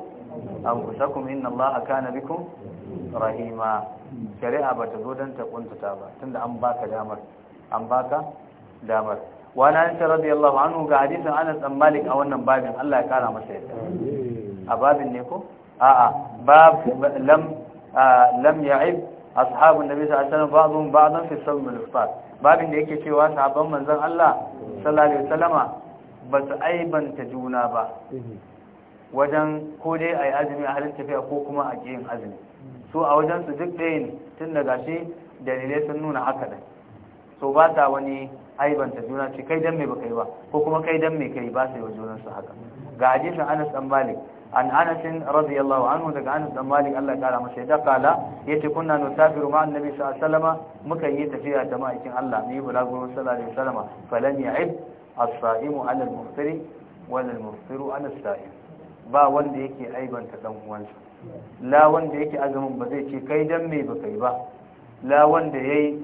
anfusakum inna Allaha kana bikum rahima shari'a ta zo dan ta kuntuta ba tunda an baka damar an baka damar wa na anta radiyallahu anhu ga hadisin Anas bin Malik a wannan babin Allah ya kara masa yadda a babin ne ko a'a bab lam lam ya'ib ashabun nabi sallallahu alaihi wasallam ba'dhum ba'dan fi sawm al-iftar babin da yake cewa sahabban manzon Allah sallallahu alaihi wasallama ba su aibanta juna ba mhm. wajen ko dai a yi azumi a halin tafiya ko kuma a ƙi yin azumi so a wajen su duk ɗayin tun da gashi dalilai sun nuna haka da so ba sa wani aibanta juna ce kai dan me baka yi ba ko kuma kai dan me kai ba yi wa junan su haka ga hadisin Anas dan Malik an Anas radiyallahu anhu daga Anas dan Malik Allah ya kara masa da kala yace kunna nusafiru ma annabi sallallahu alaihi wasallama muka yi tafiya da ma'aikin Allah ne bulaguro sallallahu alaihi wasallama falan ya'ib as-sa'imu al-muftiri wal muftiru 'ala as ba wanda yake aibanta dan uwansa la wanda yake azumin ba zai ce kai dan me ba kai ba la wanda yayi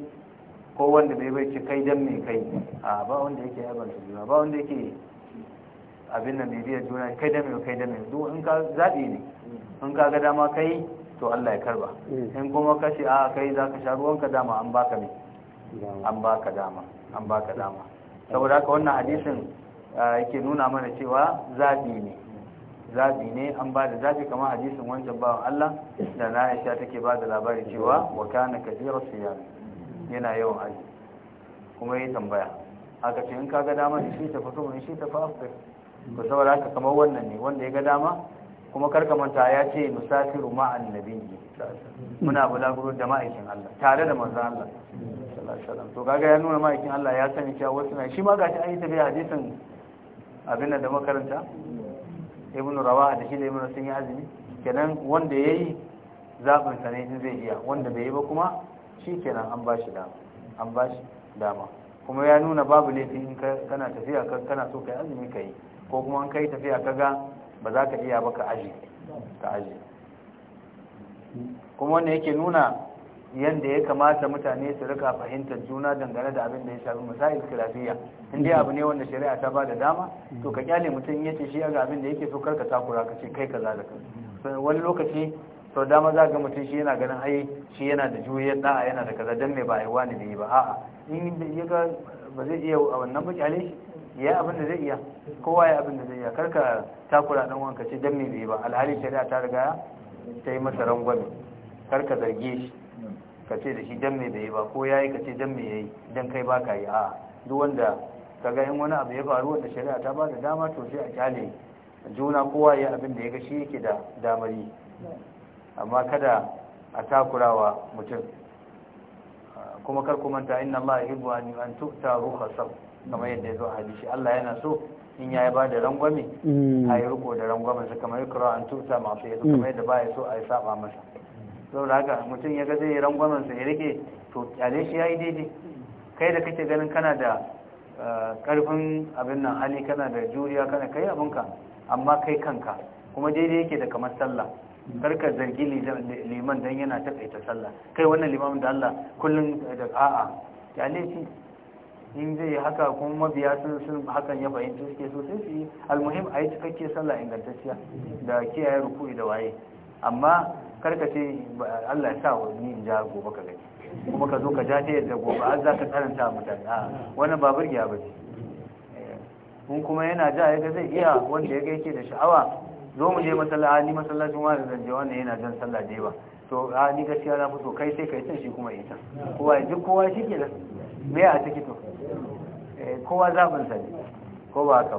ko wanda bai bai ce kai dan me kai a ba wanda yake aibanta juna ba wanda yake abin nan bai biya juna kai dan me kai dan me duk in ka zabi ne in ka ga dama kai to Allah ya karba mm. in kuma ka ce a kai za ka sha ka dama an baka ne an baka dama an baka dama saboda haka wannan hadisin yake nuna mana cewa zabi ne zabi ne an ba da zabi kamar hadisin wancan bawan Allah da na Aisha take ba da labari cewa wa kana kathira yana yawan aji kuma yi tambaya haka ce in ka ga dama shi ta fito in shi ta fafa ko saboda haka kamar wannan ne wanda ya ga dama kuma kar ka manta ya ce musafiru ma annabi muna bulaguro da ma'aikin Allah tare da manzon Allah sallallahu wasallam to kaga ya nuna ma'aikin Allah ya sani cewa wasu na shi ma gashi an yi tafiya hadisin abin da makaranta ibn rawaha da shi da ibn sun yi azumi kenan wanda yayi zabin sa ne zai iya wanda bai yi ba kuma shi kenan an bashi dama an bashi dama kuma ya nuna babu laifin in kana tafiya kana so kai azumi kai ko kuma an kai tafiya kaga ba za ka iya ba ka aji ka aji kuma wanda yake nuna yadda ya kamata mutane su rika fahimtar juna dangane da abin da ya shafi masail khilafiyya inda mhm. abu ne wanda shari'a ta ba da dama to ka mhm. kyale mutum ya ce shi ga abin da yake so karka takura ka ce kai ka za da kai mhm. wani lokaci sau dama za ga mutum shi yana ganin ai shi yana da juriyar da'a yana da kaza dan me ba yi wani da yi ba a'a in ya ga ba zai iya a wannan ba kyale shi ya abin da zai iya kowa ya abin da zai iya karka takura dan wanka ce dan me bai ba alhali shari'a ta riga ta yi masa rangwame karka zarge shi ka ce da shi dan mai bai ba ko yayi ka ce dan me yayi dan kai ba ka yi a duk wanda ka ga in wani abu ya faru wanda shari'a ta ba da dama to sai a kyale juna kowa ya abin da ya ga shi yake da damari amma kada a takurawa mutum kuma kar ku manta inna Allah yuhibbu an an tu'ta rukhasam kamar yadda ya zo a hadisi Allah yana so in ya ba da rangwame a yi riko da rangwamen sa kamar kura an tu'ta masu yadda kamar yadda ba ya so a yi saba masa saboda haka mutum ya ga zai rangwamen sa ya rike to kyale shi ya yi daidai kai da kake ganin kana da karfin eh, abin nan hali kana da juriya kana kai abinka amma kai kanka kuma daidai yake da kamar sallah barka zargi liman dan yana takaita sallah kai wannan liman da Allah kullum da a'a kyale shi in zai haka kuma mabiya sun sun hakan ya fahimci suke so sai su yi almuhim a yi cikakke sallah ingantacciya da kiyaye ruku'i da waye amma karkace ce Allah ya sa wa ni in ja gobe ka gani kuma ka zo ka ja ta yadda gobe an za ka karanta mutane a wannan babur burgiya ba ce eh, kuma yana ja ya ga zai iya wanda ya ga yake da sha'awa zo mu je masallaci ni masallacin wani zanje wannan yana jan sallah da yawa to a ni gaskiya na fito kai sai kai san shi kuma ita kowa duk kowa shi ke da me a ciki to eh, kowa zaɓin sa ne ko ba haka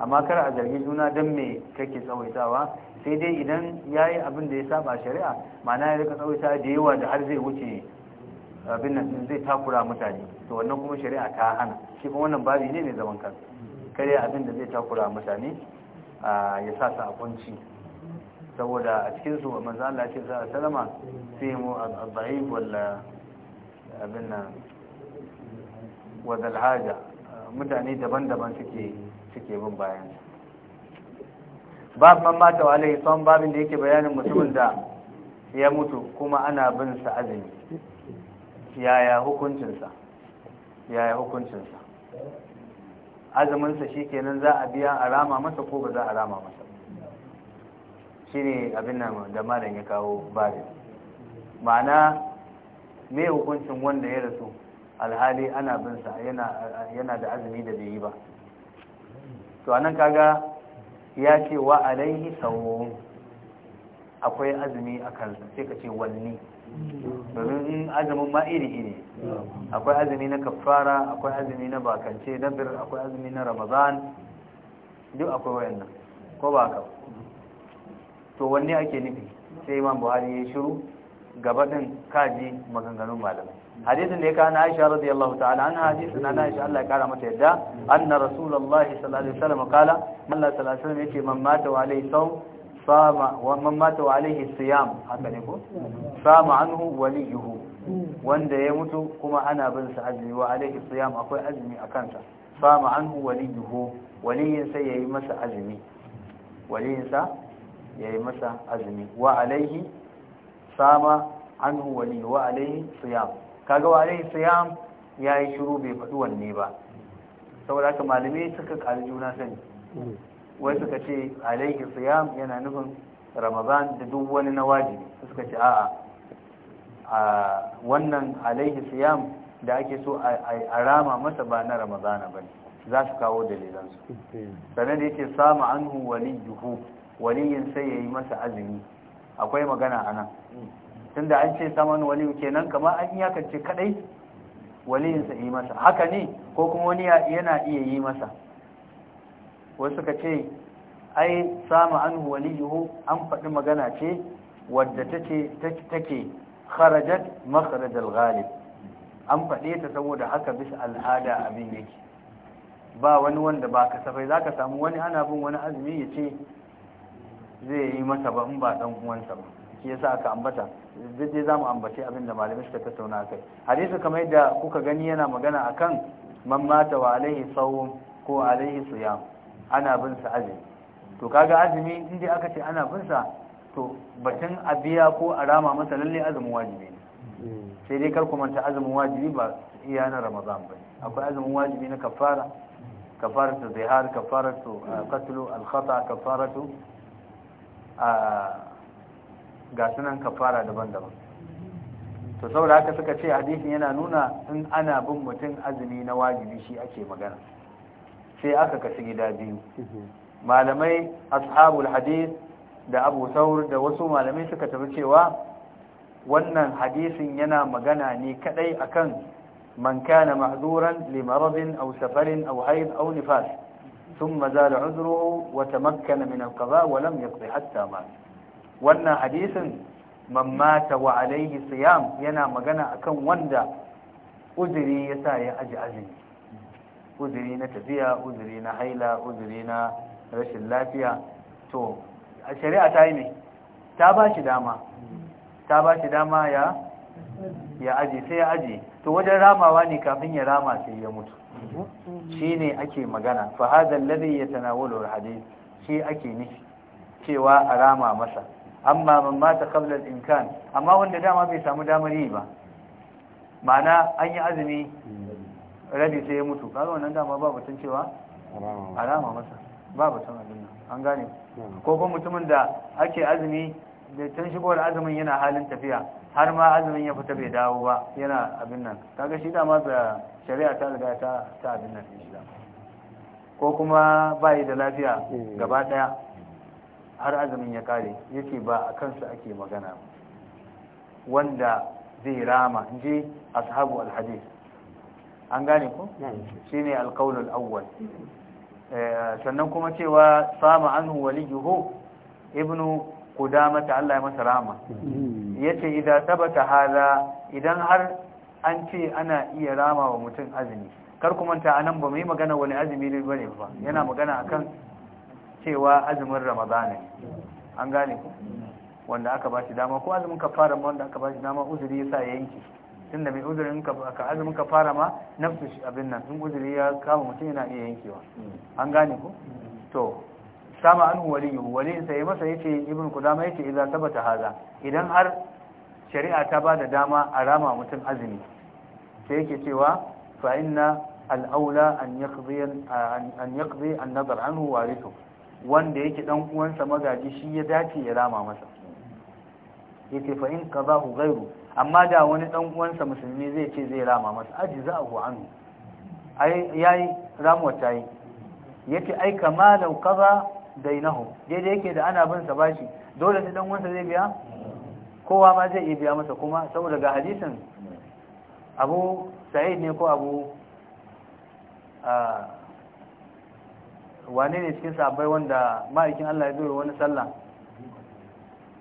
amma kar a zargi juna don me kake tsawaitawa sai dai idan ya yi abin da ya saba shari'a ma'ana ya rika tsawaita da yawa da har zai wuce abin nan zai takura mutane to wannan kuma shari'a ta hana shi kuma wannan babi ne mai zaman kansa kare abin da zai takura mutane ya sa su a kunci saboda a cikin su manzan Allah ce za salama sai mu al-dhaif walla abin nan dal haja mutane daban-daban suke suke bin bayan bab man mata wa alayhi son babin da yake bayanin mutumin da ya mutu kuma ana bin sa azumi yaya hukuncinsa yaya hukuncinsa azuminsa shikenan za a biya a rama masa ko ba za a rama masa shine abin nan da malam ya kawo babin ma'ana me hukuncin wanda ya rasu alhali ana bin sa yana da azumi da bai yi ba to anan kaga ya ce wa alaihi sawun akwai azumi a kansa sai ka ce wanni domin azumin ma iri-iri akwai azumi na kafara akwai azumi na bakance bir akwai azumi na ramadan duk akwai wayannan ko ba ka to wanne ake nufi sai imam buhari ya shiru gaba din kaji maganganun malamai hadisin da ya kana Aisha radiyallahu ta'ala an hadisin na Aisha Allah ya kara mata yadda anna rasulullahi sallallahu alaihi wasallam kala Allah sallallahu alaihi wasallam yace man mata wa alaihi sawm sama wa man mata wa alaihi siyam haka ne ko sama anhu waliyuhu wanda ya mutu kuma ana bin sa azumi wa alaihi siyam akwai azumi akan sa sama anhu waliyuhu waliyin sa yayi masa azumi waliyin sa yayi masa azumi wa alaihi sama anhu waliyuhu wa alaihi siyam kaga wa alaihi siyam yayi shiru bai faɗi wanne ba saboda haka malamai suka ƙari juna sani wai suka ce alaihi siyam yana nufin ramadan da duk wani na wajibi suka ce a'a a wannan alaihi siyam da ake so a rama masa ba na ramadana ba ne za su kawo dalilansu sannan da yake samu anhu waliyuhu waliyin sai ya yi masa azumi akwai magana a nan tunda an ce saman waliyu kenan kamar an iyakance kadai waliyinsa yi masa haka ne ko kuma wani yana iya yi masa wasu kace ce ai sama an waliyuhu an faɗi magana ce wadda take kharajat al ghalib an faɗe ta saboda haka bisa al'ada abin yake ba wani wanda ba kasafai zaka samu wani ana bin wani azumi ya ce zai yi masa ba in ba dan uwansa ba shi yasa aka ambata duk dai zamu ambace abin da malamai suka tattauna kai hadisi kamar yadda kuka gani yana magana akan man mata wa alaihi sawm ko alaihi siyam ana bin sa azumi to kaga azumi dai aka ce ana bin sa to batun a biya ko a rama masa lalle azumin wajibi ne sai dai kar ku manta azumin wajibi ba iya na ramadan ba akwai azumin wajibi na kafara kafaratu zihar kafaratu ah, qatlu al-khata kafaratu ah, ga sunan kafara daban-daban to saboda haka suka ce hadisin yana nuna in ana bin mutum azumi na wajibi shi ake magana sai aka kasu gida biyu malamai ashabul hadis da abu saur da wasu malamai suka tafi cewa wannan hadisin yana magana ne kadai akan man kana ma'duran li maradin aw safarin aw hayd aw nifas thumma zala 'udruhu wa tamakkana min al-qada wannan hadisin mamata wa alaihi siyam yana magana akan wanda uzuri ya sa ya aji azumi uzuri na tafiya uzuri na haila uzuri na rashin lafiya to a shari'a ta yi ne ta ba shi dama ta ba shi dama ya ya aji sai ya aji to wajen ramawa ne kafin ya rama sai ya mutu shi ne ake magana fa hadha alladhi yatanawwalu alhadith shi ake nufi cewa a rama masa amma man mata qabla al-imkan amma wanda dama bai samu damar yi ba ma'ana an yi azumi rabi sai ya mutu kaga wannan dama ba batun cewa alama masa ba batun abin nan an gane ko kuma mutumin da ake azumi da tun shigowar azumin yana halin tafiya har ma azumin ya fita bai dawo ba yana abin nan kaga shi dama da shari'a ta riga ta ta abin nan ko kuma bai da lafiya gaba daya har azumin ya kare yake ba a kansu ake magana wanda zai rama je ashabu alhadith an gane ku shine alqaulul awwal eh, sannan kuma cewa sama anhu waliyuhu ibnu qudama ta Allah ya masa rama hmm. yace idan tabata hala idan har an ce ana iya rama wa mutum azumi kar ku manta anan ba mu yi magana wani azumi ne bane ba yana magana akan cewa azumin ramadana an gane ku wanda aka ba shi dama ko azumin fara ma wanda aka ba shi dama uzuri ya sa yanki tun da mai uzurin ka azumin fara ma nafsu shi abin nan sun uzuri ya kama mutum yana iya yankewa an gane ku to sama an waliyu waliyin sai masa yace ibn kudama yace idan tabbata haza idan har shari'a ta ba da dama a rama mutum azumi sai yake cewa fa inna al-aula an yaqdi an yaqdi an-nazar anhu warithu wanda yake dan uwansa magaji shi ya dace ya rama masa yace fa in hu ghairu amma da wani dan uwansa musulmi zai ce zai rama masa ajza'ahu anhu ai yayi ramuwa tayi yace ai kama law qada dainahu daidai yake da ana bin sa bashi dole ne dan uwansa zai biya kowa ba zai iya biya masa kuma saboda ga hadisin Abu Sa'id ne ko Abu ah, wane ne cikin sabai wanda ma'aikin Allah ya zo wani sallah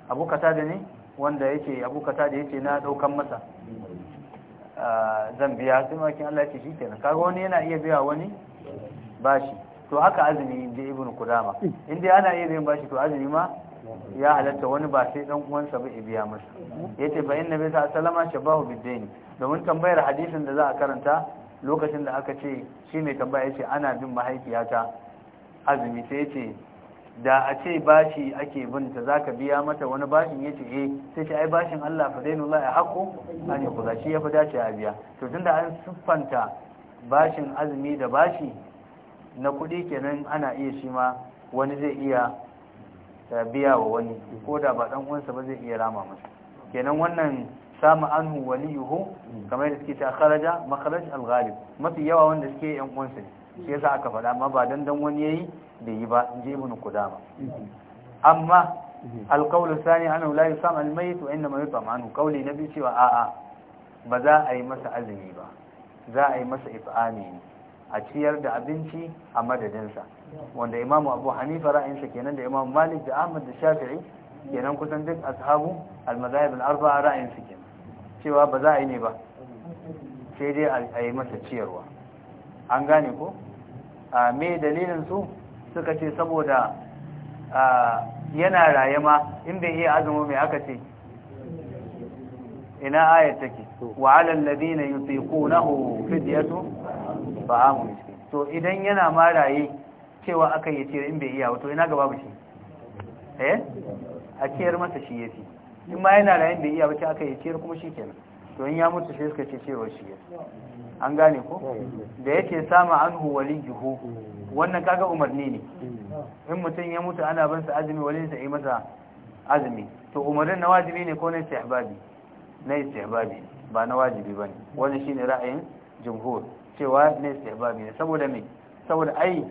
Abu da ne wanda yake Abu Qatada yake na daukan masa ah, zan biya sai ma'aikin Allah ya ce kenan kaga wani yana iya biya wani bashi to haka azumi da Ibn in dai ana iya biyan bashi to azumi ma ya halatta wani ba sai dan uwansa ba biya masa yace fa inna bi sallama shabahu bidain domin tambayar hadisin da za a karanta lokacin da aka ce shi mai tambaya yace ana bin mahaifiyata azumi sai ce da a ce bashi ake binta za ka biya mata wani bashin ya ce eh sai ce ai bashin Allah fa zainu la ya haƙo an yi kuza shi ya fi dace a biya to tun da an siffanta bashin azumi da bashi na kuɗi kenan ana iya shi ma wani zai iya eh, biya wa wani ko da ba ɗan uwansa ba zai iya rama masa kenan wannan sama anhu waliyuhu kamar da suke ta kharaja makharaj al-ghalib mafi yawa wanda suke yan uwansa ne shi yasa aka faɗa amma ba dan dan wani yayi da yi ba in je ibn kudama amma alqawlu thani anahu la yusam almayt wa inma yutam anhu qawli nabi cewa a a ba za a yi masa azumi ba za a yi masa ifani a ciyar da abinci a madadinsa wanda Imam abu hanifa ra'ayinsa kenan da Imam malik da ahmad da shafi'i kenan kusan duk ashabu al-madhahib al-arba'a ra'ayinsu kenan cewa ba za a yi ne ba sai dai a yi masa ciyarwa an gane ko a me dalilin su suka ce saboda yana raye ma in bai iya azumi mai aka ce ina ayat take wa alal ladina yutiqunahu fidyatu fa'amu to idan yana ma raye cewa aka yi ciyar in bai iya wato ina ga babu shi eh a ciyar masa shi yafi in ma yana raye bai iya wace aka yi ciyar kuma shikenan to in ya mutu sai suka ce cewa shi yafi an gane ko da yake sama anhu waliyuhu wannan kaga umarni ne hmm. in mutum ya mutu ana ban sa azumi waliyinsa yi masa azumi to umarnin na wajibi ne ko na istihbabi na istihbabi ba na wajibi bane wannan shine ra'ayin jumhur cewa na istihbabi ne saboda me saboda ai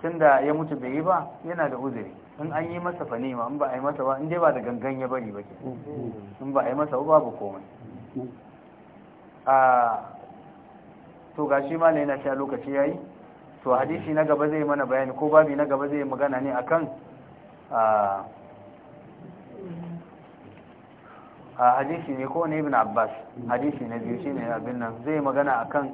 tunda ya mutu bai yi ba yana da uzuri in an yi masa fanima in ba a yi masa ba in dai ba da gangan ya bari ba ke hmm. in ba a yi masa ba babu komai hmm. ah, to ga shi ma yana cewa lokaci yayi to hadisi na gaba zai mana bayani ko babi na gaba zai magana ne akan a hadisi ne ko ne ibn abbas hadisi ne biyu shine abin nan zai magana akan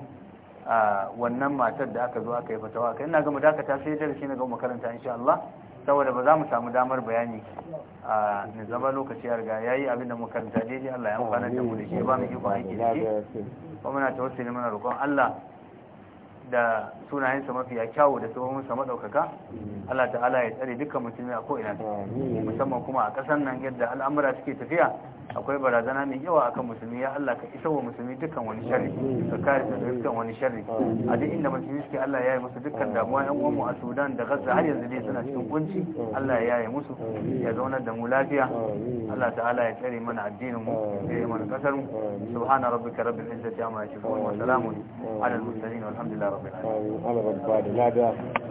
wannan matar da aka zo aka yi fatawa kai ina ga mu dakata sai darasi na ga mu karanta insha Allah saboda ba za mu samu damar bayani a zama lokaci ya riga yayi abin da muka rinta daidai Allah ya amfana da mu da shi ba mu iko aiki da shi kuma muna ne muna roƙon Allah da sunayensa mafi ya kyawu da tsohon sa madaukaka Allah ta'ala ya tsare dukkan musulmi a ko ina musamman kuma a ƙasar nan yadda al'amura suke tafiya akwai barazana mai yawa akan musulmi ya Allah ka isa wa musulmi dukkan wani sharri ka kare su dukkan wani sharri a duk inda musulmi suke Allah ya yi musu dukkan damuwa yan uwan mu a Sudan da Gaza har yanzu dai suna cikin kunci Allah ya yi musu ya zauna da mu lafiya Allah ta'ala ya tsare mana addinin mu ya tsare mana kasar mu subhana rabbika rabbil izzati amma yasifun wa salamun ala al mursalin walhamdulillahi rabbil alamin